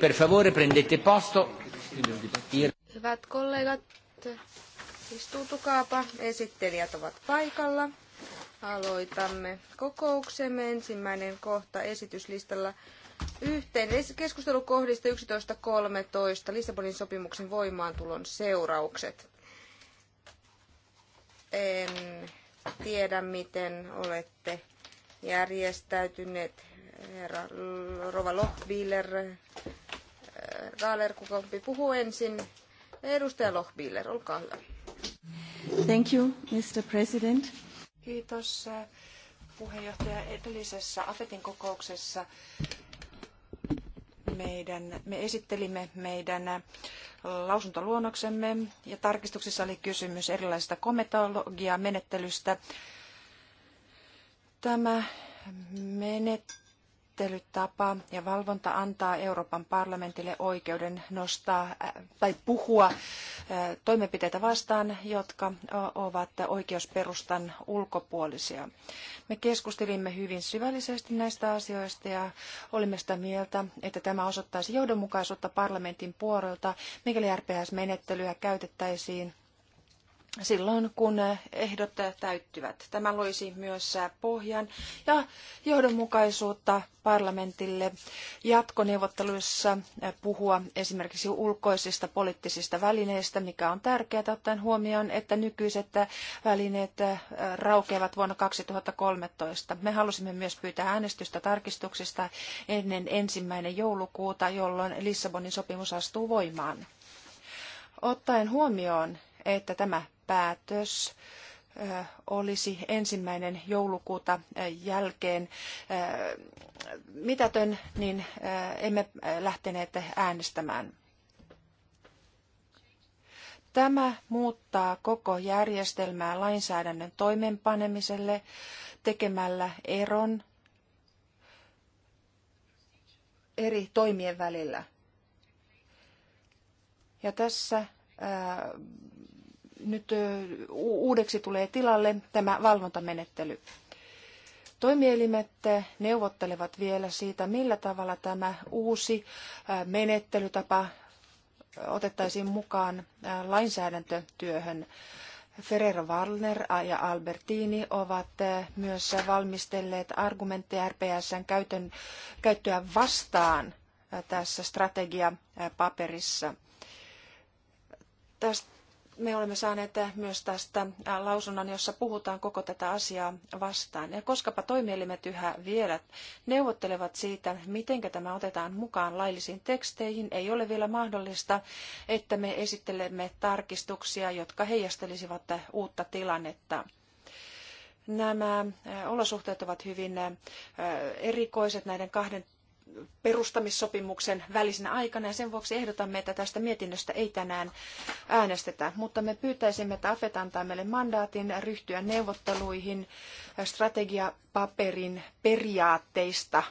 per favore, posto. Hyvät kollegat, istuutukaapa. Esittelijät ovat paikalla. Aloitamme kokouksemme. Ensimmäinen kohta esityslistalla yhteen keskustelukohdista 11.13. Lissabonin sopimuksen voimaantulon seuraukset. En tiedä, miten olette järjestäytyneet herra Rova Lohbiller, Kaaler, äh, kukampi puhuu ensin. Edustaja Lohbiller, olkaa hyvä. Thank you, Mr. President. Kiitos äh, puheenjohtaja edellisessä AFETin kokouksessa meidän, me esittelimme meidän äh, lausuntoluonnoksemme ja tarkistuksissa oli kysymys erilaisesta kometologia menettelystä Tämä menettelytapa ja valvonta antaa Euroopan parlamentille oikeuden nostaa äh, tai puhua äh, toimenpiteitä vastaan, jotka ovat oikeusperustan ulkopuolisia. Me keskustelimme hyvin syvällisesti näistä asioista ja olimme sitä mieltä, että tämä osoittaisi johdonmukaisuutta parlamentin puolelta, mikäli RPS-menettelyä käytettäisiin silloin, kun ehdot täyttyvät. Tämä loisi myös pohjan ja johdonmukaisuutta parlamentille jatkoneuvotteluissa puhua esimerkiksi ulkoisista poliittisista välineistä, mikä on tärkeää ottaen huomioon, että nykyiset välineet raukeavat vuonna 2013. Me halusimme myös pyytää äänestystä tarkistuksista ennen ensimmäinen joulukuuta, jolloin Lissabonin sopimus astuu voimaan. Ottaen huomioon että tämä päätös olisi ensimmäinen joulukuuta jälkeen mitätön, niin emme lähteneet äänestämään. Tämä muuttaa koko järjestelmää lainsäädännön toimeenpanemiselle tekemällä eron eri toimien välillä. Ja tässä nyt uudeksi tulee tilalle tämä valvontamenettely. Toimielimet neuvottelevat vielä siitä, millä tavalla tämä uusi menettelytapa otettaisiin mukaan lainsäädäntötyöhön. Ferrero Wallner ja Albertini ovat myös valmistelleet argumentteja RPSn käytön, käyttöä vastaan tässä strategiapaperissa. Tästä me olemme saaneet myös tästä lausunnon, jossa puhutaan koko tätä asiaa vastaan. Ja koskapa toimielimet yhä vielä neuvottelevat siitä, miten tämä otetaan mukaan laillisiin teksteihin, ei ole vielä mahdollista, että me esittelemme tarkistuksia, jotka heijastelisivat uutta tilannetta. Nämä olosuhteet ovat hyvin erikoiset näiden kahden perustamissopimuksen välisenä aikana ja sen vuoksi ehdotamme, että tästä mietinnöstä ei tänään äänestetä, mutta me pyytäisimme, että AFET antaa meille mandaatin ryhtyä neuvotteluihin strategiapaperin periaatteista –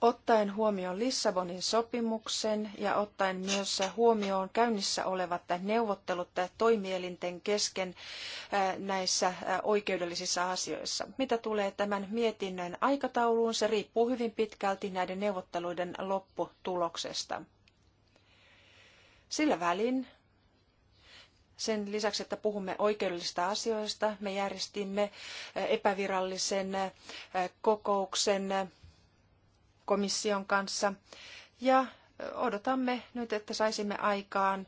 Ottaen huomioon Lissabonin sopimuksen ja ottaen myös huomioon käynnissä olevat neuvottelut toimielinten kesken näissä oikeudellisissa asioissa. Mitä tulee tämän mietinnön aikatauluun, se riippuu hyvin pitkälti näiden neuvotteluiden lopputuloksesta. Sillä välin sen lisäksi, että puhumme oikeudellisista asioista, me järjestimme epävirallisen kokouksen komission kanssa. Ja odotamme nyt, että saisimme aikaan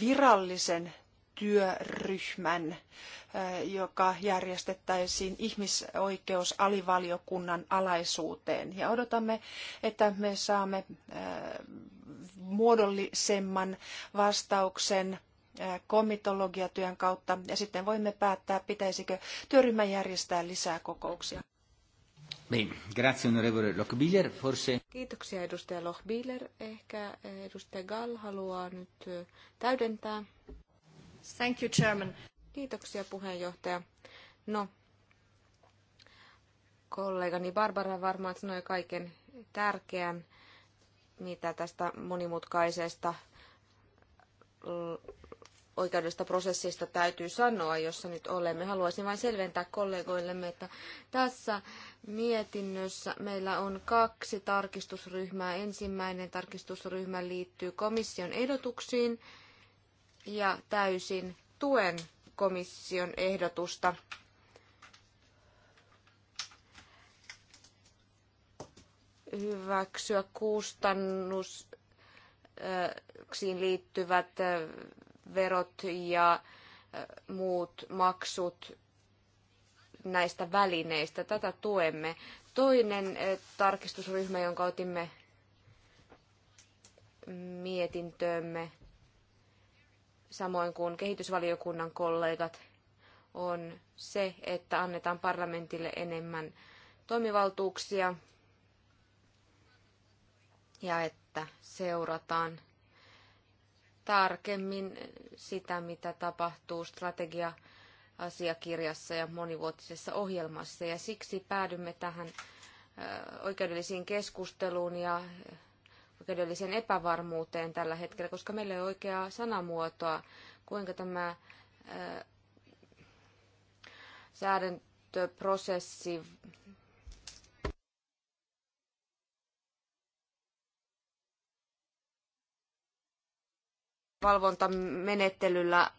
virallisen työryhmän, joka järjestettäisiin ihmisoikeusalivaliokunnan alaisuuteen. Ja odotamme, että me saamme muodollisemman vastauksen komitologiatyön kautta ja sitten voimme päättää, pitäisikö työryhmän järjestää lisää kokouksia. Grazie, onorevole Forse... Kiitoksia, edustaja Lochbiller. Ehkä eh, edustaja Gall haluaa nyt eh, täydentää. Thank you, Chairman. Kiitoksia, puheenjohtaja. No, kollegani Barbara varmaan sanoi kaiken tärkeän, mitä tästä monimutkaisesta oikeudellista prosessista täytyy sanoa, jossa nyt olemme. Haluaisin vain selventää kollegoillemme, että tässä mietinnössä meillä on kaksi tarkistusryhmää. Ensimmäinen tarkistusryhmä liittyy komission ehdotuksiin ja täysin tuen komission ehdotusta. hyväksyä kustannuksiin liittyvät verot ja muut maksut näistä välineistä. Tätä tuemme. Toinen tarkistusryhmä, jonka otimme mietintöömme, samoin kuin kehitysvaliokunnan kollegat, on se, että annetaan parlamentille enemmän toimivaltuuksia ja että seurataan tarkemmin sitä, mitä tapahtuu strategia asiakirjassa ja monivuotisessa ohjelmassa. Ja siksi päädymme tähän oikeudellisiin keskusteluun ja oikeudelliseen epävarmuuteen tällä hetkellä, koska meillä ei ole oikeaa sanamuotoa, kuinka tämä säädäntöprosessi valvontamenettelyllä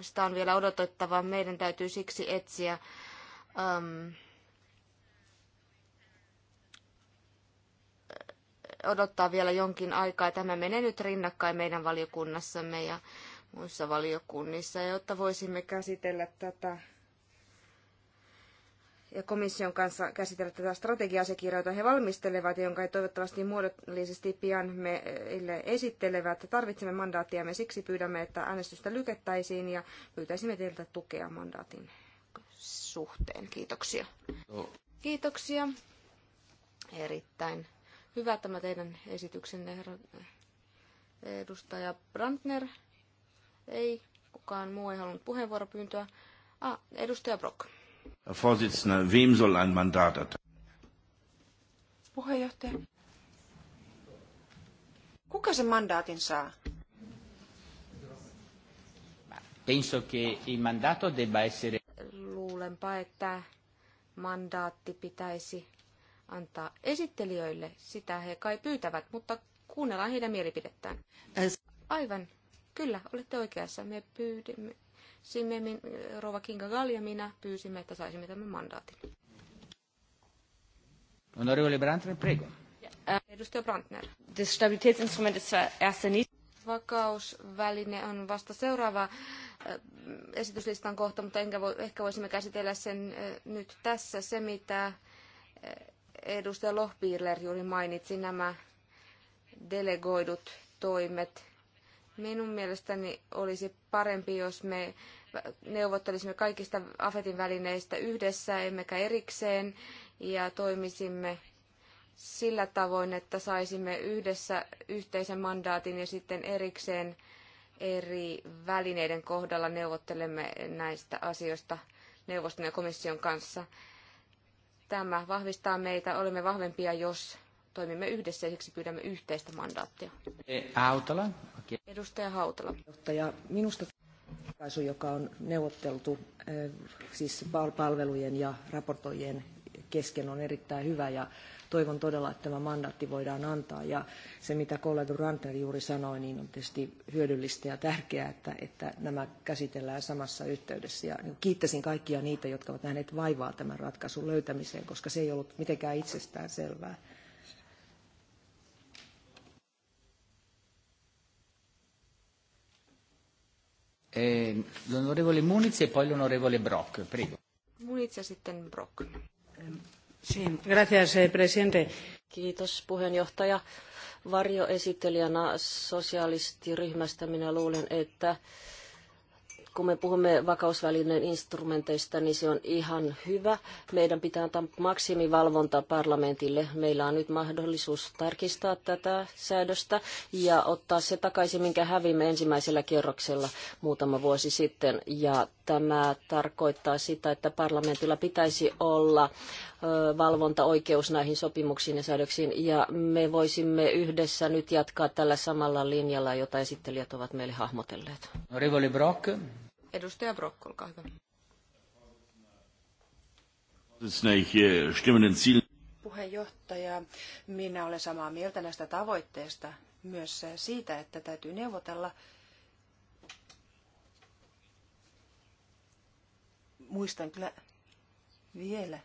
sitä on vielä odotettava. Meidän täytyy siksi etsiä äm, odottaa vielä jonkin aikaa. Tämä menee nyt rinnakkain meidän valiokunnassamme ja muissa valiokunnissa, jotta voisimme käsitellä tätä ja komission kanssa käsitellä tätä strategiasekirjoa, jota he valmistelevat, jonka he toivottavasti muodollisesti pian meille esittelevät. Tarvitsemme mandaattia, me siksi pyydämme, että äänestystä lykättäisiin ja pyytäisimme teiltä tukea mandaatin suhteen. Kiitoksia. No. Kiitoksia. Erittäin hyvä tämä teidän esityksenne, herra edustaja Brandner. Ei, kukaan muu ei halunnut puheenvuoropyyntöä. Ah, edustaja Brock. Herr Vorsitzender, wem soll ein Mandat erteilen? Puheenjohtaja. Kuka sen mandaatin saa? Penso che il mandato debba essere... Luulenpa, että mandaatti pitäisi antaa esittelijöille. Sitä he kai pyytävät, mutta kuunnellaan heidän mielipidettään. Aivan, kyllä, olette oikeassa. Me pyydimme Sinne eh, Rova Kinga Gall ja minä pyysimme, että saisimme tämän mandaatin. Onorevole Brandner, prego. Eh, edustaja Brandner. vakausväline on vasta seuraava eh, esityslistan kohta, mutta enkä voi, ehkä voisimme käsitellä sen nyt tässä. Se, mitä edustaja Lohpiirler juuri mainitsi, nämä delegoidut toimet Minun mielestäni olisi parempi, jos me neuvottelisimme kaikista AFETin välineistä yhdessä, emmekä erikseen, ja toimisimme sillä tavoin, että saisimme yhdessä yhteisen mandaatin ja sitten erikseen eri välineiden kohdalla neuvottelemme näistä asioista neuvoston ja komission kanssa. Tämä vahvistaa meitä, olemme vahvempia, jos toimimme yhdessä ja siksi pyydämme yhteistä mandaattia. Hautala, e, Edustaja Hautala. Johtaja, minusta ratkaisu, joka on neuvotteltu eh, siis palvelujen ja raportoijien kesken on erittäin hyvä ja toivon todella, että tämä mandaatti voidaan antaa. Ja se, mitä kollega Brantner juuri sanoi, niin on tietysti hyödyllistä ja tärkeää, että, että nämä käsitellään samassa yhteydessä. Ja kiittäisin kaikkia niitä, jotka ovat nähneet vaivaa tämän ratkaisun löytämiseen, koska se ei ollut mitenkään itsestään selvää. Eh, l'onorevole Muniz e poi l'onorevole Brock, prego. Muniz ja sitten Brock. Sí, gracias, eh, presidente. Kiitos puheenjohtaja. Varjoesittelijänä sosialistiryhmästä minä luulen, että kun me puhumme vakausvälineen instrumenteista, niin se on ihan hyvä. Meidän pitää antaa maksimivalvonta parlamentille. Meillä on nyt mahdollisuus tarkistaa tätä säädöstä ja ottaa se takaisin, minkä hävimme ensimmäisellä kierroksella muutama vuosi sitten. Ja tämä tarkoittaa sitä, että parlamentilla pitäisi olla valvontaoikeus näihin sopimuksiin ja säädöksiin, ja me voisimme yhdessä nyt jatkaa tällä samalla linjalla, jota esittelijät ovat meille hahmotelleet. Rivoli Brock. Edustaja Brock, olkaa hyvä. Puheenjohtaja, minä olen samaa mieltä näistä tavoitteista, myös siitä, että täytyy neuvotella muistan kyllä vielä,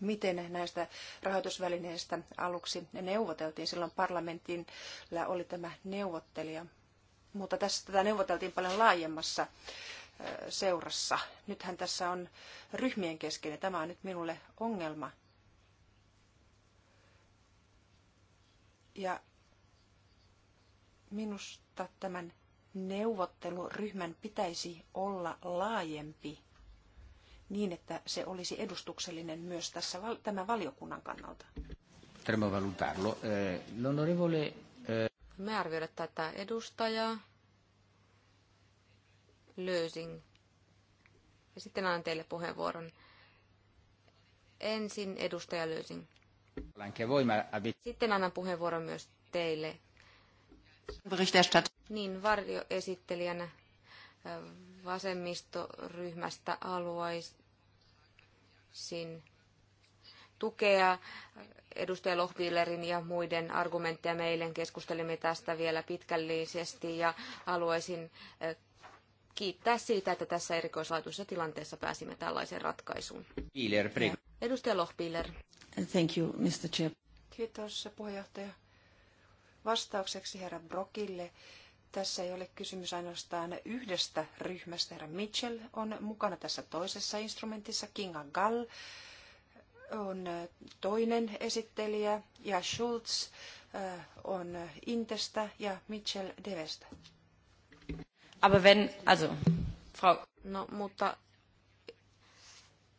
miten näistä rahoitusvälineistä aluksi neuvoteltiin. Silloin parlamentilla oli tämä neuvottelija, mutta tässä tätä neuvoteltiin paljon laajemmassa seurassa. Nythän tässä on ryhmien kesken ja tämä on nyt minulle ongelma. Ja minusta tämän neuvotteluryhmän pitäisi olla laajempi niin, että se olisi edustuksellinen myös tässä, tämän valiokunnan kannalta? valutarlo. Eh, eh, Me arvioida tätä edustajaa. löysin Ja sitten annan teille puheenvuoron. Ensin edustaja löysin. Sitten annan puheenvuoron myös teille. Niin, varjoesittelijänä vasemmistoryhmästä haluaisin tukea edustaja Lohdillerin ja muiden argumentteja. Meille keskustelimme tästä vielä pitkällisesti ja haluaisin eh, kiittää siitä, että tässä erikoislaatuisessa tilanteessa pääsimme tällaiseen ratkaisuun. Piler, edustaja Lohpiler. Thank you, Mr. Chair. Kiitos puheenjohtaja. Vastaukseksi herra Brokille tässä ei ole kysymys ainoastaan yhdestä ryhmästä. Herra Mitchell on mukana tässä toisessa instrumentissa. Kinga Gall on äh, toinen esittelijä ja Schulz äh, on Intestä ja Mitchell Devestä. Aber wenn, also, Frau... No, mutta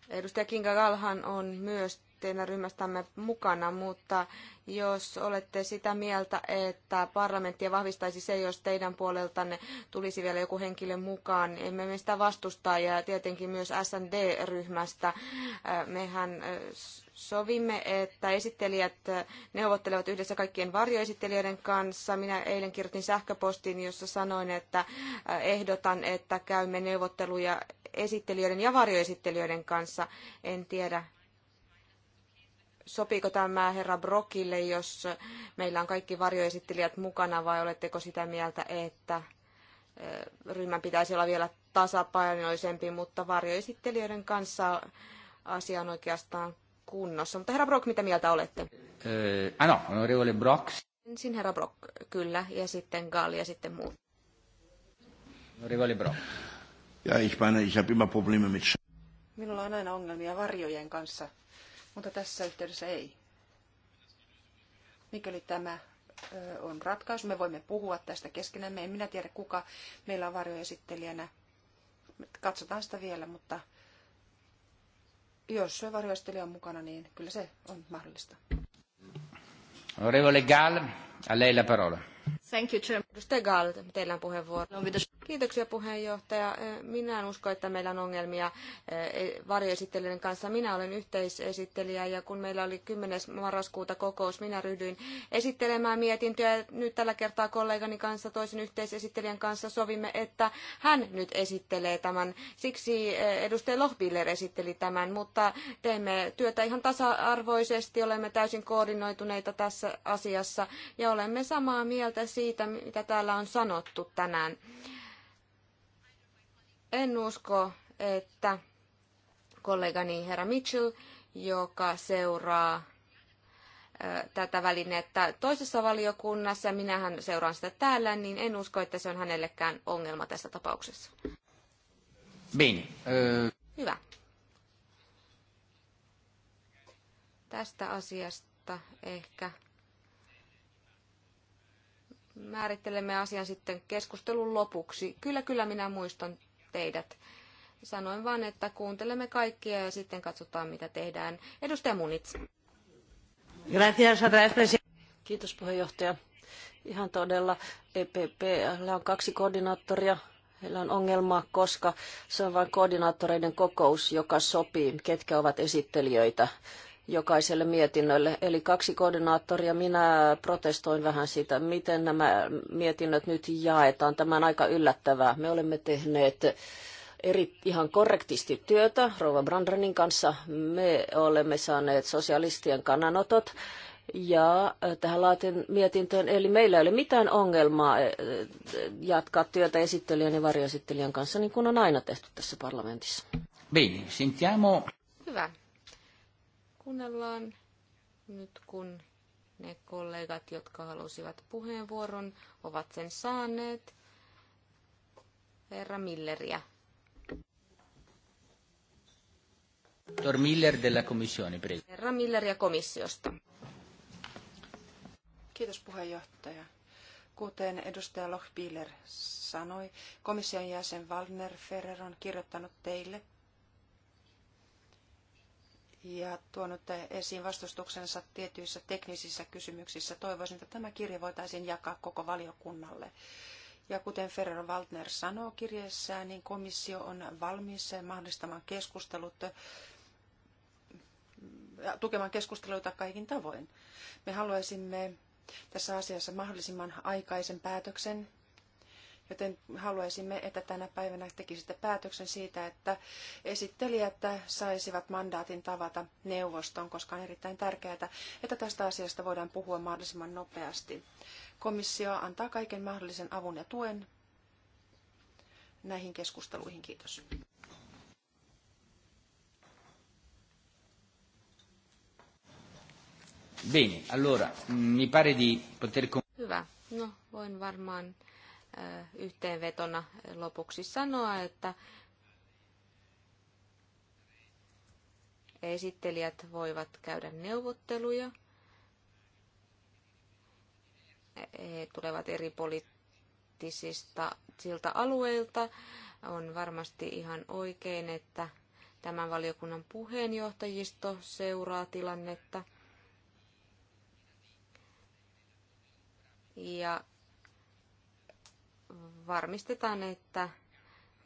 edustaja Kinga Gallhan on myös teidän ryhmästämme mukana, mutta jos olette sitä mieltä, että parlamenttia vahvistaisi se, jos teidän puoleltanne tulisi vielä joku henkilö mukaan, niin emme me sitä vastustaa ja tietenkin myös SND-ryhmästä. Äh, mehän äh, sovimme, että esittelijät äh, neuvottelevat yhdessä kaikkien varjoesittelijöiden kanssa. Minä eilen kirjoitin sähköpostin, jossa sanoin, että ehdotan, että käymme neuvotteluja esittelijöiden ja varjoesittelijöiden kanssa. En tiedä, sopiiko tämä herra Brokille, jos meillä on kaikki varjoesittelijät mukana, vai oletteko sitä mieltä, että eh, ryhmän pitäisi olla vielä tasapainoisempi, mutta varjoesittelijöiden kanssa asia on oikeastaan kunnossa. Mutta herra Brock, mitä mieltä olette? Eh, ah no, Brock. Ensin herra Brock, kyllä, ja sitten Gall ja sitten muut. Onorevole Brock. Ja ich meine, ich habe immer Probleme mit... Minulla on aina ongelmia varjojen kanssa mutta tässä yhteydessä ei. Mikäli tämä on ratkaisu, me voimme puhua tästä keskenämme. En minä tiedä, kuka meillä on varjoesittelijänä. Katsotaan sitä vielä, mutta jos varjoesittelijä on mukana, niin kyllä se on mahdollista. Onorevole Gall, a lei la parola. Thank you, Chairman. Stegal, teillä on puheenvuoro. No, Kiitoksia puheenjohtaja. Minä en usko, että meillä on ongelmia e, varjoesittelijöiden kanssa. Minä olen yhteisesittelijä ja kun meillä oli 10. marraskuuta kokous, minä ryhdyin esittelemään mietintöä. nyt tällä kertaa kollegani kanssa, toisen yhteisesittelijän kanssa sovimme, että hän nyt esittelee tämän. Siksi edustaja Lohbiller esitteli tämän, mutta teemme työtä ihan tasa-arvoisesti, olemme täysin koordinoituneita tässä asiassa ja olemme samaa mieltä siitä, mitä täällä on sanottu tänään. En usko, että kollegani herra Mitchell, joka seuraa tätä välinettä toisessa valiokunnassa, minähän seuraan sitä täällä, niin en usko, että se on hänellekään ongelma tässä tapauksessa. Bene. Hyvä. Tästä asiasta ehkä määrittelemme asian sitten keskustelun lopuksi. Kyllä, kyllä minä muistan teidät. Sanoin vain, että kuuntelemme kaikkia ja sitten katsotaan, mitä tehdään. Edustaja Munits. Kiitos puheenjohtaja. Ihan todella. EPP on kaksi koordinaattoria. Heillä on ongelma, koska se on vain koordinaattoreiden kokous, joka sopii, ketkä ovat esittelijöitä jokaiselle mietinnölle. Eli kaksi koordinaattoria. Minä protestoin vähän sitä, miten nämä mietinnöt nyt jaetaan. Tämä on aika yllättävää. Me olemme tehneet eri, ihan korrektisti työtä Rova Brandranin kanssa. Me olemme saaneet sosialistien kannanotot ja tähän laatin mietintöön. Eli meillä ei ole mitään ongelmaa eh, eh, jatkaa työtä esittelijän ja varjoesittelijän kanssa, niin kuin on aina tehty tässä parlamentissa. Bene, sentiamo. Hyvä kuunnellaan nyt, kun ne kollegat, jotka halusivat puheenvuoron, ovat sen saaneet. Herra Milleriä. Dottor Miller della Commissione, prego. Herra Milleria komissiosta. Kiitos puheenjohtaja. Kuten edustaja Lochbiller sanoi, komission jäsen Waldner Ferrer on kirjoittanut teille ja tuonut esiin vastustuksensa tietyissä teknisissä kysymyksissä. Toivoisin, että tämä kirja voitaisiin jakaa koko valiokunnalle. Ja kuten Ferrer Waldner sanoo kirjeessään, niin komissio on valmis mahdollistamaan keskustelut ja tukemaan keskusteluita kaikin tavoin. Me haluaisimme tässä asiassa mahdollisimman aikaisen päätöksen Joten haluaisimme, että tänä päivänä tekisitte päätöksen siitä, että esittelijät saisivat mandaatin tavata neuvoston, koska on erittäin tärkeää, että tästä asiasta voidaan puhua mahdollisimman nopeasti. Komissio antaa kaiken mahdollisen avun ja tuen näihin keskusteluihin. Kiitos. Bene, allora, mi pare di poter... Hyvä. No, voin varmaan yhteenvetona lopuksi sanoa, että esittelijät voivat käydä neuvotteluja. He tulevat eri poliittisista siltä alueilta. On varmasti ihan oikein, että tämän valiokunnan puheenjohtajisto seuraa tilannetta. Ja varmistetaan, että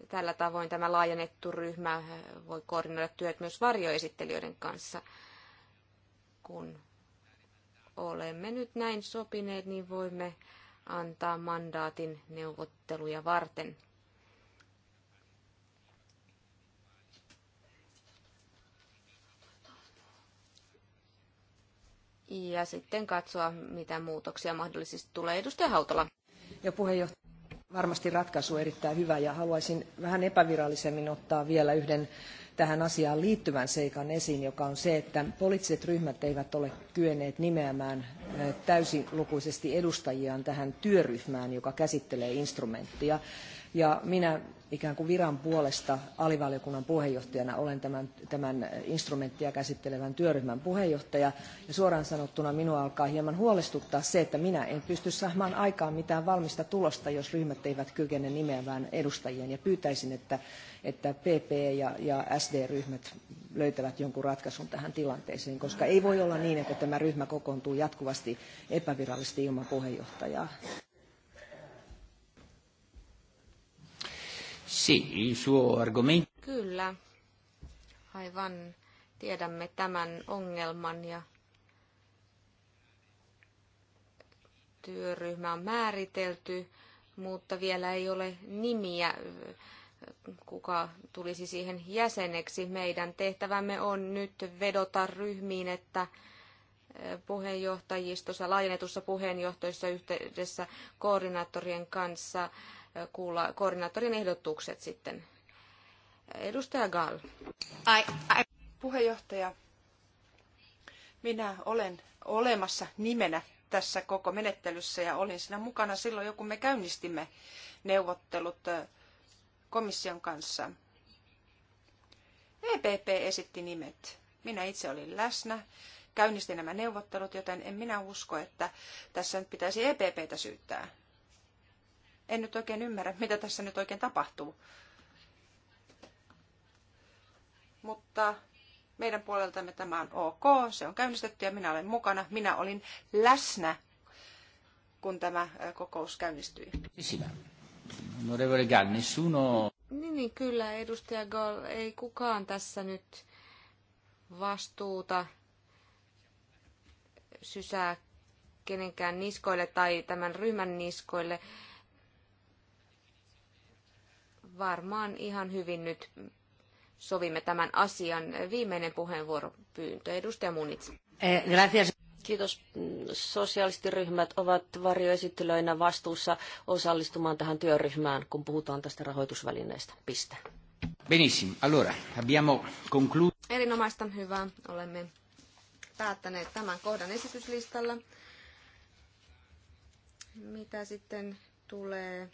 tällä tavoin tämä laajennettu ryhmä voi koordinoida työt myös varjoesittelijöiden kanssa. Kun olemme nyt näin sopineet, niin voimme antaa mandaatin neuvotteluja varten. Ja sitten katsoa, mitä muutoksia mahdollisesti tulee. Edustaja Hautala. Ja puheenjohtaja Varmasti ratkaisu erittäin hyvä ja haluaisin vähän epävirallisemmin ottaa vielä yhden tähän asiaan liittyvän seikan esiin, joka on se, että poliittiset ryhmät eivät ole kyenneet nimeämään täysilukuisesti edustajiaan tähän työryhmään, joka käsittelee instrumenttia. Ja minä ikään kuin viran puolesta alivaliokunnan puheenjohtajana olen tämän, tämän instrumenttia käsittelevän työryhmän puheenjohtaja. Ja suoraan sanottuna minua alkaa hieman huolestuttaa se, että minä en pysty saamaan aikaan mitään valmista tulosta, jos ryhmät eivät kykene nimeämään edustajien. Ja pyytäisin, että, että PP ja, ja SD-ryhmät löytävät jonkun ratkaisun tähän tilanteeseen, koska ei voi olla niin, että tämä ryhmä kokoontuu jatkuvasti epävirallisesti ilman puheenjohtajaa. Sì, il suo argomento. Kyllä, aivan tiedämme tämän ongelman ja työryhmä on määritelty, mutta vielä ei ole nimiä, kuka tulisi siihen jäseneksi. Meidän tehtävämme on nyt vedota ryhmiin, että puheenjohtajistossa, laajennetussa puheenjohtajissa yhteydessä koordinaattorien kanssa kuulla koordinaattorin ehdotukset sitten. Edustaja Gall. Ai, ai. Puheenjohtaja, minä olen olemassa nimenä tässä koko menettelyssä ja olin siinä mukana silloin jo, kun me käynnistimme neuvottelut komission kanssa. EPP esitti nimet. Minä itse olin läsnä, käynnistin nämä neuvottelut, joten en minä usko, että tässä nyt pitäisi EPPtä syyttää en nyt oikein ymmärrä, mitä tässä nyt oikein tapahtuu. Mutta meidän puoleltamme tämä on ok, se on käynnistetty ja minä olen mukana. Minä olin läsnä, kun tämä kokous käynnistyi. Niin, niin, kyllä, edustaja Gall, ei kukaan tässä nyt vastuuta sysää kenenkään niskoille tai tämän ryhmän niskoille varmaan ihan hyvin nyt sovimme tämän asian. Viimeinen puheenvuoropyyntö. Edustaja Munits. Eh, Kiitos. Sosialistiryhmät ovat varjoesittelöinä vastuussa osallistumaan tähän työryhmään, kun puhutaan tästä rahoitusvälineestä. Piste. Benissimo. Allora, abbiamo concluso. Erinomaista hyvää. Olemme päättäneet tämän kohdan esityslistalla. Mitä sitten tulee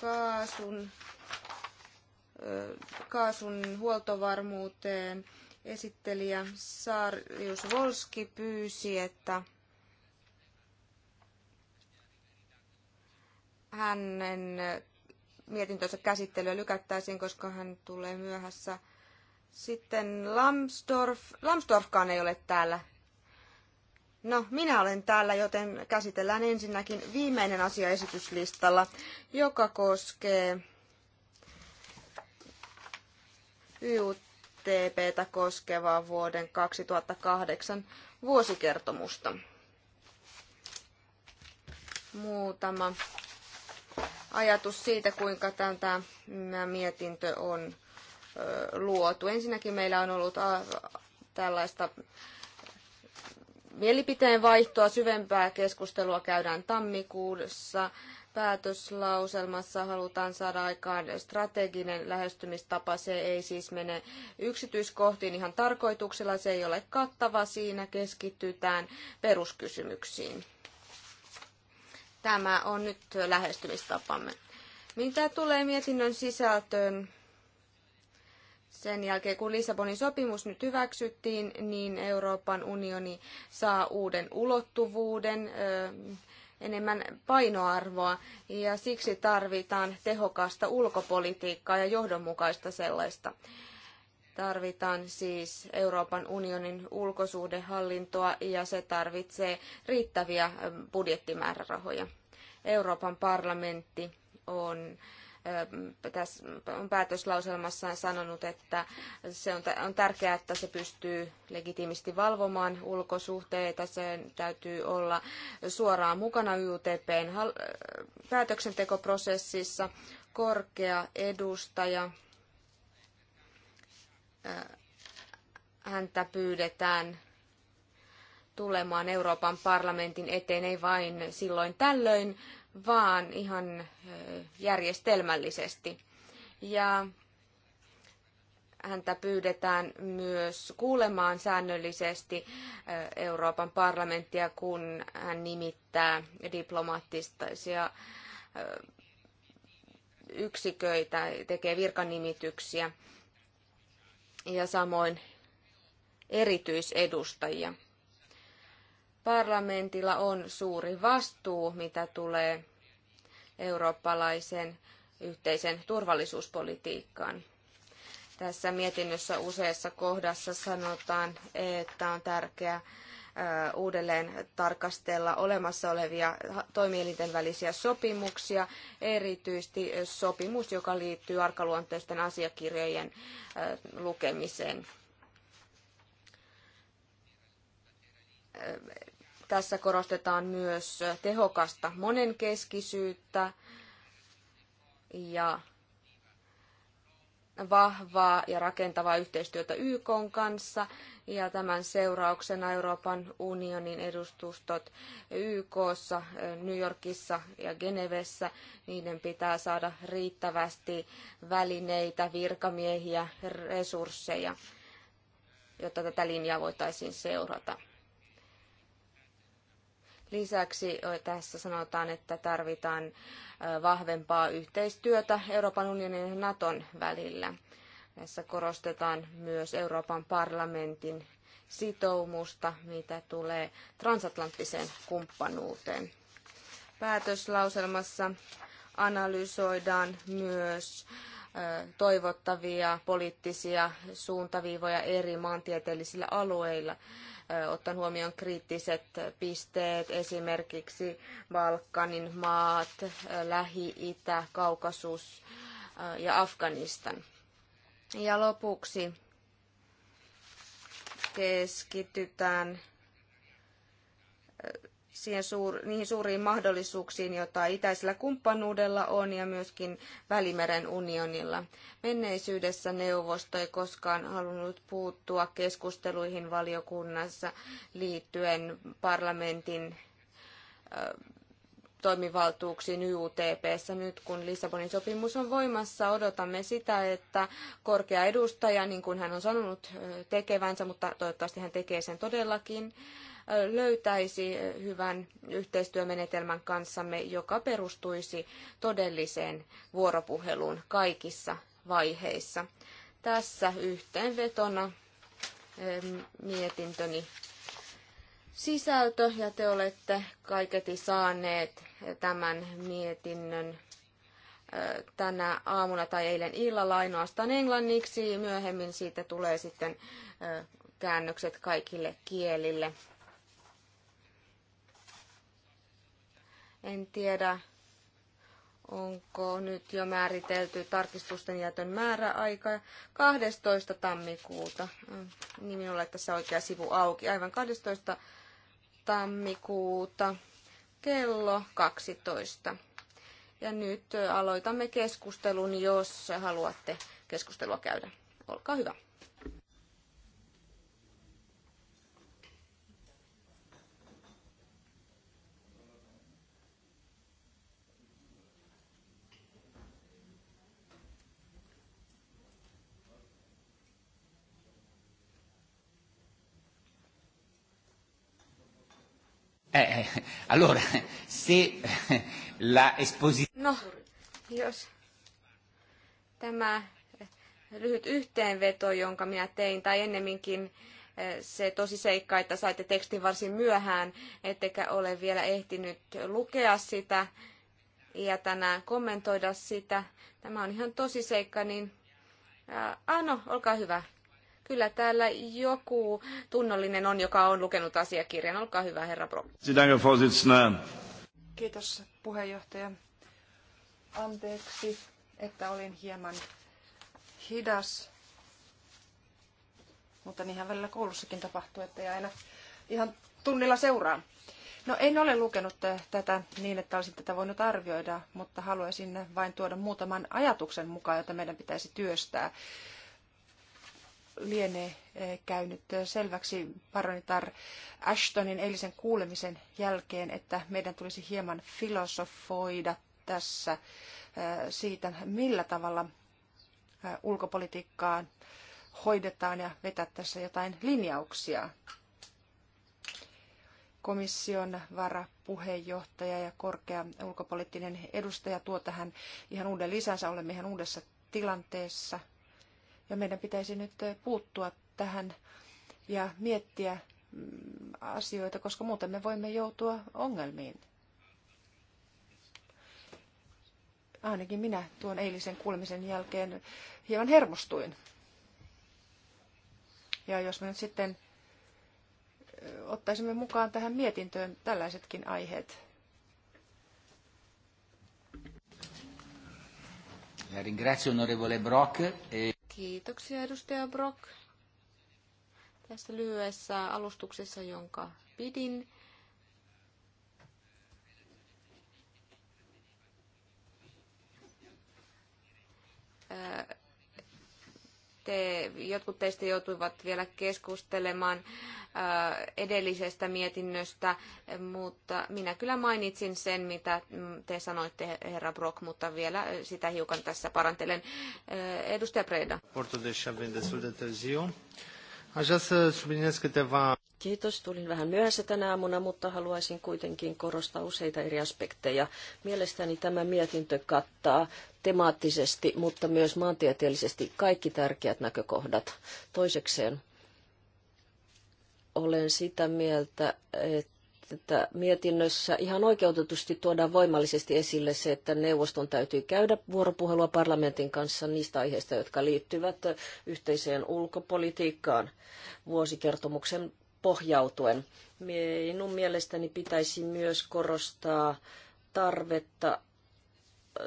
kaasun, kaasun huoltovarmuuteen. Esittelijä Saarius Volski pyysi, että hänen mietintönsä käsittelyä lykättäisiin, koska hän tulee myöhässä. Sitten Lambsdorff, Lambsdorffkaan ei ole täällä. No, minä olen täällä, joten käsitellään ensinnäkin viimeinen asia esityslistalla, joka koskee YUTPtä koskevaa vuoden 2008 vuosikertomusta. Muutama ajatus siitä, kuinka tämä mietintö on luotu. Ensinnäkin meillä on ollut tällaista mielipiteen vaihtoa, syvempää keskustelua käydään tammikuussa. Päätöslauselmassa halutaan saada aikaan strateginen lähestymistapa. Se ei siis mene yksityiskohtiin ihan tarkoituksella, se ei ole kattava. Siinä keskitytään peruskysymyksiin. Tämä on nyt lähestymistapamme. Mitä tulee mietinnön sisältöön, sen jälkeen, kun Lissabonin sopimus nyt hyväksyttiin, niin Euroopan unioni saa uuden ulottuvuuden, enemmän painoarvoa, ja siksi tarvitaan tehokasta ulkopolitiikkaa ja johdonmukaista sellaista. Tarvitaan siis Euroopan unionin ulkosuhdehallintoa ja se tarvitsee riittäviä budjettimäärärahoja. Euroopan parlamentti on tässä on päätöslauselmassaan sanonut, että se on, tärkeää, että se pystyy legitiimisti valvomaan ulkosuhteita. Sen täytyy olla suoraan mukana YUTPn päätöksentekoprosessissa. Korkea edustaja häntä pyydetään tulemaan Euroopan parlamentin eteen, ei vain silloin tällöin, vaan ihan järjestelmällisesti. Ja häntä pyydetään myös kuulemaan säännöllisesti Euroopan parlamenttia, kun hän nimittää diplomaattisia yksiköitä, tekee virkanimityksiä ja samoin erityisedustajia. Parlamentilla on suuri vastuu, mitä tulee eurooppalaisen yhteisen turvallisuuspolitiikkaan. Tässä mietinnössä useassa kohdassa sanotaan, että on tärkeää uudelleen tarkastella olemassa olevia toimielinten välisiä sopimuksia, erityisesti sopimus, joka liittyy arkaluonteisten asiakirjojen lukemiseen tässä korostetaan myös tehokasta monenkeskisyyttä ja vahvaa ja rakentavaa yhteistyötä YK kanssa ja tämän seurauksena Euroopan unionin edustustot YKssa, New Yorkissa ja Genevessä, niiden pitää saada riittävästi välineitä, virkamiehiä, resursseja, jotta tätä linjaa voitaisiin seurata. Lisäksi tässä sanotaan, että tarvitaan vahvempaa yhteistyötä Euroopan unionin ja Naton välillä. Tässä korostetaan myös Euroopan parlamentin sitoumusta, mitä tulee transatlanttiseen kumppanuuteen. Päätöslauselmassa analysoidaan myös toivottavia poliittisia suuntaviivoja eri maantieteellisillä alueilla, ottaen huomioon kriittiset pisteet, esimerkiksi Balkanin maat, Lähi-Itä, Kaukasus ja Afganistan. Ja lopuksi keskitytään siihen suur, niihin suuriin mahdollisuuksiin, joita itäisellä kumppanuudella on ja myöskin Välimeren unionilla. Menneisyydessä neuvosto ei koskaan halunnut puuttua keskusteluihin valiokunnassa liittyen parlamentin toimivaltuuksiin YUTPssä nyt, kun Lissabonin sopimus on voimassa. Odotamme sitä, että korkea edustaja, niin kuin hän on sanonut tekevänsä, mutta toivottavasti hän tekee sen todellakin, löytäisi hyvän yhteistyömenetelmän kanssamme, joka perustuisi todelliseen vuoropuheluun kaikissa vaiheissa. Tässä yhteenvetona mietintöni sisältö ja te olette kaiketi saaneet tämän mietinnön tänä aamuna tai eilen illalla ainoastaan englanniksi. Myöhemmin siitä tulee sitten käännökset kaikille kielille. En tiedä, onko nyt jo määritelty tarkistusten jätön määräaika 12. tammikuuta. Niin minulla tässä oikea sivu auki. Aivan 12. tammikuuta kello 12. Ja nyt aloitamme keskustelun, jos haluatte keskustelua käydä. Olkaa hyvä. Eh, eh, allora, se eh, la esposizione... No, jos tämä lyhyt yhteenveto, jonka minä tein, tai ennemminkin eh, se tosi seikka, että saitte tekstin varsin myöhään, ettekä ole vielä ehtinyt lukea sitä ja tänään kommentoida sitä. Tämä on ihan tosi seikka, niin äh, ah, no, olkaa hyvä. Kyllä täällä joku tunnollinen on, joka on lukenut asiakirjan. Olkaa hyvä, herra Pro. Kiitos, puheenjohtaja. Anteeksi, että olin hieman hidas. Mutta niinhän välillä koulussakin tapahtuu, että ei aina ihan tunnilla seuraa. No en ole lukenut tätä niin, että olisin tätä voinut arvioida, mutta haluaisin vain tuoda muutaman ajatuksen mukaan, jota meidän pitäisi työstää lienee eh, käynyt eh, selväksi paronitar Ashtonin eilisen kuulemisen jälkeen, että meidän tulisi hieman filosofoida tässä eh, siitä, millä tavalla ulkopolitiikkaa hoidetaan ja vetää tässä jotain linjauksia. Komission varapuheenjohtaja ja korkea ulkopoliittinen edustaja tuo tähän ihan uuden lisänsä. Olemme ihan uudessa tilanteessa – ja meidän pitäisi nyt puuttua tähän ja miettiä mm, asioita, koska muuten me voimme joutua ongelmiin. Ainakin minä tuon eilisen kuulemisen jälkeen hieman hermostuin. Ja jos me nyt sitten ottaisimme mukaan tähän mietintöön tällaisetkin aiheet, Eh, ringrazio onorevole Brock. E Kiitoksia edustaja Brock tässä lyhyessä alustuksessa, jonka pidin. Eh, te, jotkut teistä joutuivat vielä keskustelemaan äh, edellisestä mietinnöstä, mutta minä kyllä mainitsin sen, mitä te sanoitte, herra Brock, mutta vielä sitä hiukan tässä parantelen. Äh, edustaja Preda. Porto de Chavin de Aș vrea să subliniez câteva Kiitos, tulin vähän myöhässä tänä aamuna, mutta haluaisin kuitenkin korostaa useita eri aspekteja. Mielestäni tämä mietintö kattaa temaattisesti, mutta myös maantieteellisesti kaikki tärkeät näkökohdat. Toisekseen olen sitä mieltä, että mietinnössä ihan oikeutetusti tuodaan voimallisesti esille se, että neuvoston täytyy käydä vuoropuhelua parlamentin kanssa niistä aiheista, jotka liittyvät yhteiseen ulkopolitiikkaan vuosikertomuksen pohjautuen. Minun mielestäni pitäisi myös korostaa tarvetta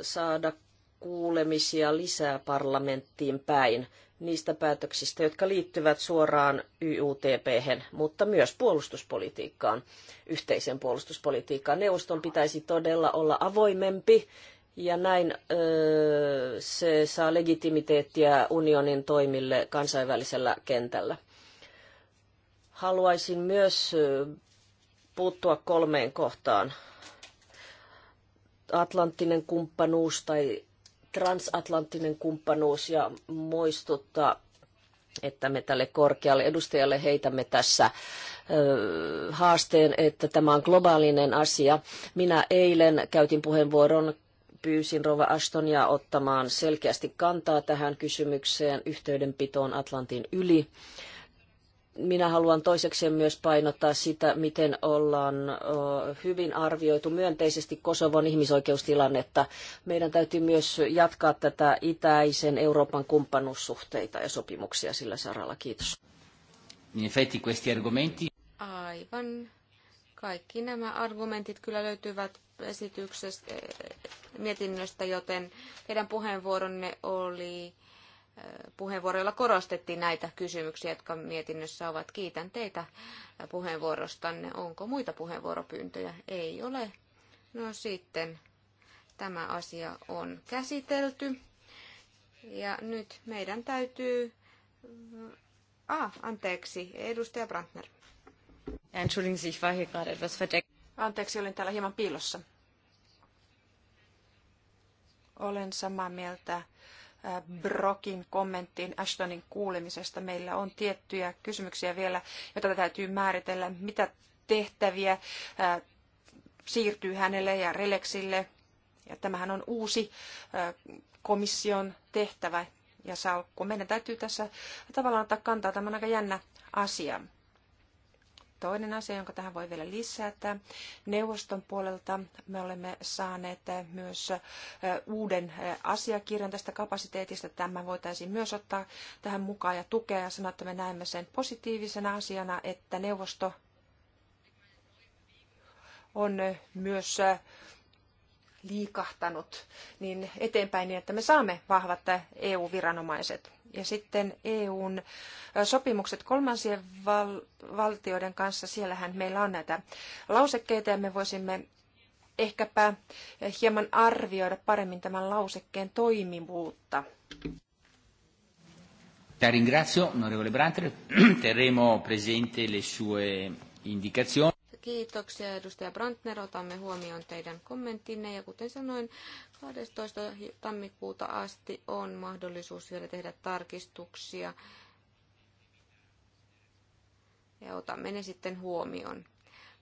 saada kuulemisia lisää parlamenttiin päin niistä päätöksistä, jotka liittyvät suoraan YUTP, mutta myös puolustuspolitiikkaan, yhteisen puolustuspolitiikkaan. Neuvoston pitäisi todella olla avoimempi ja näin öö, se saa legitimiteettiä unionin toimille kansainvälisellä kentällä. Haluaisin myös puuttua kolmeen kohtaan. Atlanttinen kumppanuus tai transatlanttinen kumppanuus ja muistuttaa, että me tälle korkealle edustajalle heitämme tässä haasteen, että tämä on globaalinen asia. Minä eilen käytin puheenvuoron pyysin Rova Ashtonia ottamaan selkeästi kantaa tähän kysymykseen yhteydenpitoon Atlantin yli minä haluan toiseksi myös painottaa sitä, miten ollaan hyvin arvioitu myönteisesti Kosovon ihmisoikeustilannetta. Meidän täytyy myös jatkaa tätä itäisen Euroopan kumppanuussuhteita ja sopimuksia sillä saralla. Kiitos. Aivan. Kaikki nämä argumentit kyllä löytyvät esityksestä, mietinnöstä, joten teidän puheenvuoronne oli puheenvuoroilla korostettiin näitä kysymyksiä, jotka mietinnössä ovat. Kiitän teitä puheenvuorostanne. Onko muita puheenvuoropyyntöjä? Ei ole. No sitten tämä asia on käsitelty. Ja nyt meidän täytyy... Ah, anteeksi, edustaja Brandner. Entschuldigen Sie, ich war hier gerade etwas verdeckt. Anteeksi, olin täällä hieman piilossa. Olen samaa mieltä Brokin kommenttiin Ashtonin kuulemisesta. Meillä on tiettyjä kysymyksiä vielä, joita täytyy määritellä, mitä tehtäviä siirtyy hänelle ja Relexille. Ja tämähän on uusi komission tehtävä ja salkku. Meidän täytyy tässä tavallaan ottaa kantaa. Tämä on aika jännä asia toinen asia, jonka tähän voi vielä lisätä. Neuvoston puolelta me olemme saaneet myös uuden asiakirjan tästä kapasiteetista. Tämä voitaisiin myös ottaa tähän mukaan ja tukea ja sanoa, että me näemme sen positiivisena asiana, että neuvosto on myös liikahtanut niin eteenpäin niin, että me saamme vahvat EU-viranomaiset. Ja sitten EUn sopimukset kolmansien val- valtioiden kanssa, siellähän meillä on näitä lausekkeita ja me voisimme ehkäpä hieman arvioida paremmin tämän lausekkeen toimivuutta. La ringrazio, onorevole Terremo presente le sue indicazioni. Kiitoksia edustaja Brantner, otamme huomioon teidän kommenttinne ja kuten sanoin, 12. tammikuuta asti on mahdollisuus vielä tehdä tarkistuksia ja otamme ne sitten huomioon.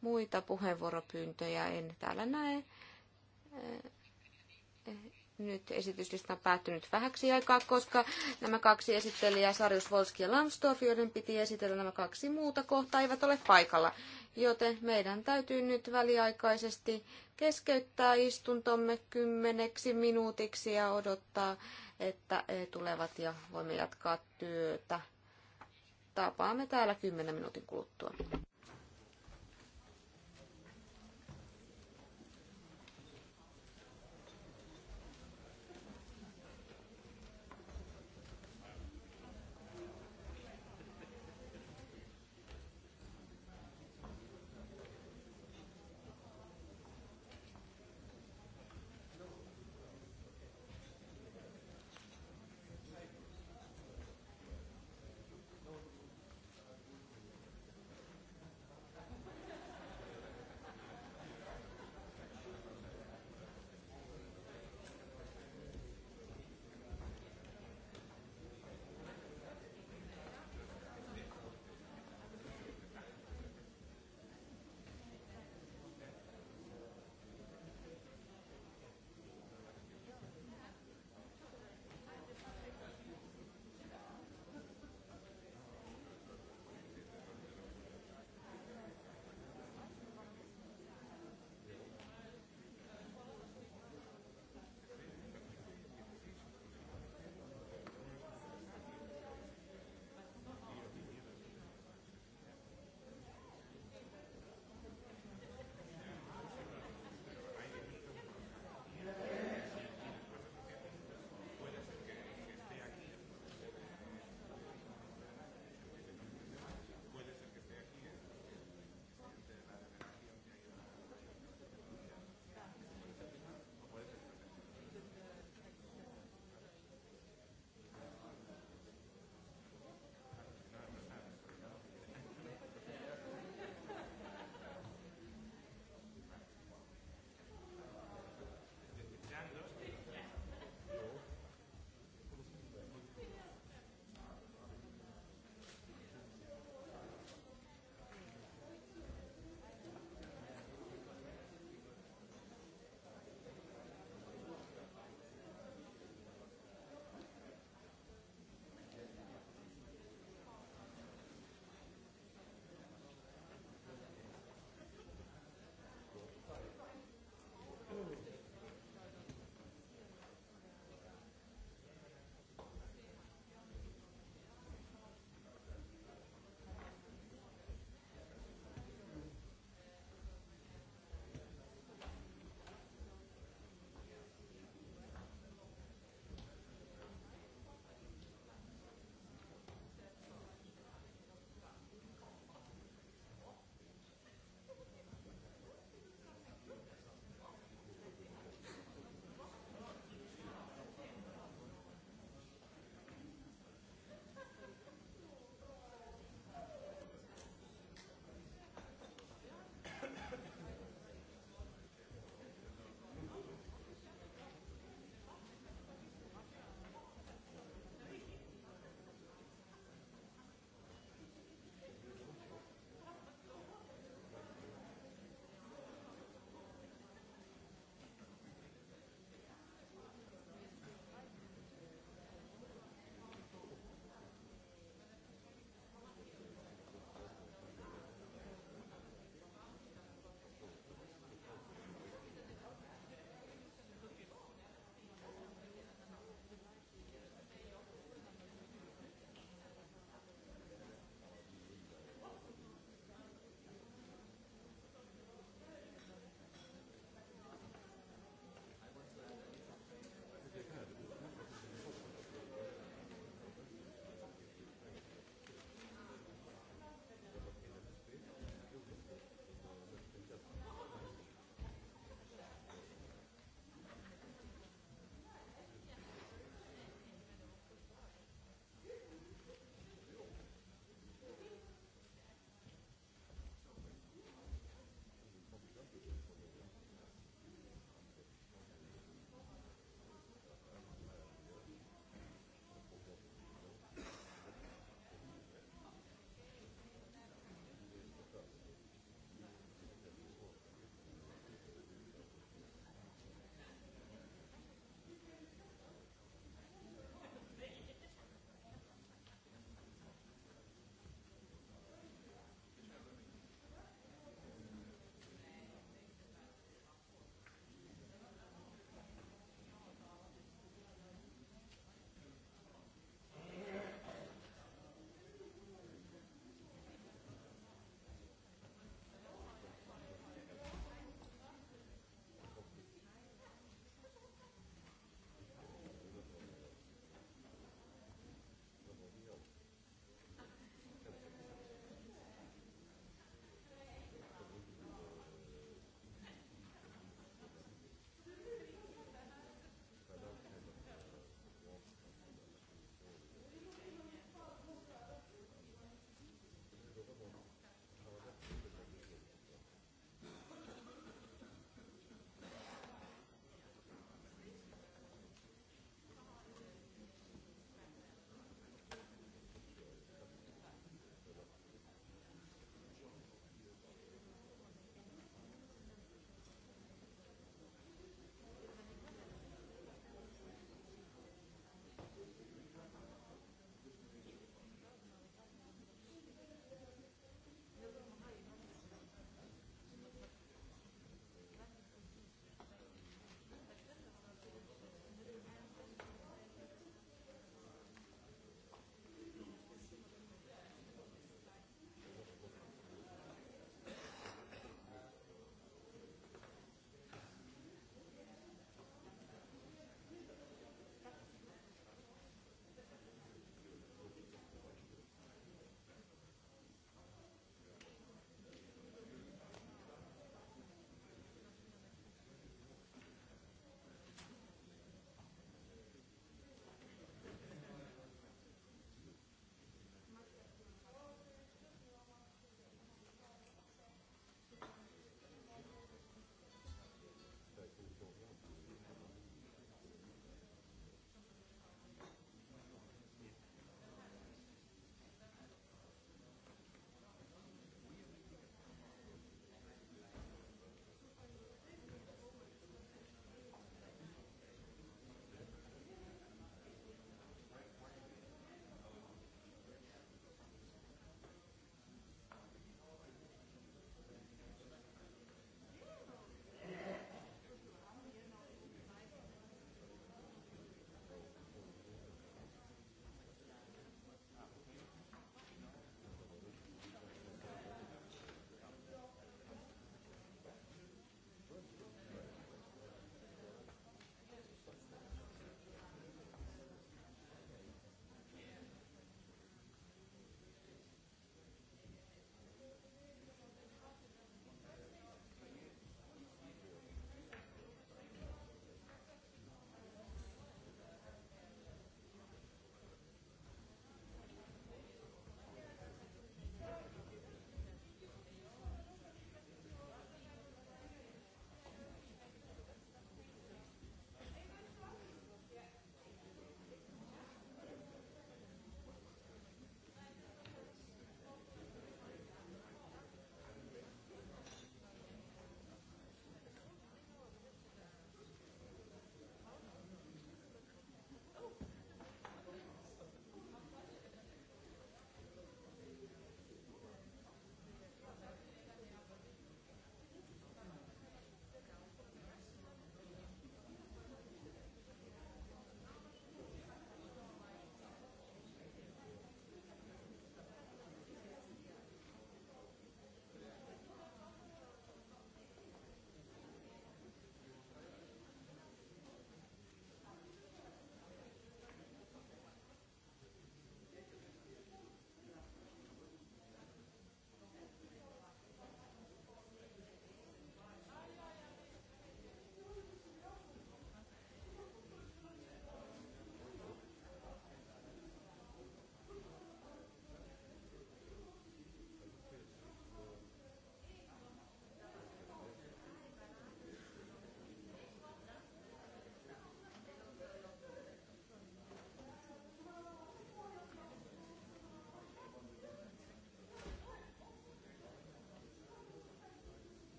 Muita puheenvuoropyyntöjä en täällä näe. Nyt esityslista on päättynyt vähäksi aikaa, koska nämä kaksi esittelijää, Sarjus Volski ja Lambsdorff, joiden piti esitellä nämä kaksi muuta kohtaa, eivät ole paikalla joten meidän täytyy nyt väliaikaisesti keskeyttää istuntomme kymmeneksi minuutiksi ja odottaa, että he tulevat ja voimme jatkaa työtä. Tapaamme täällä kymmenen minuutin kuluttua.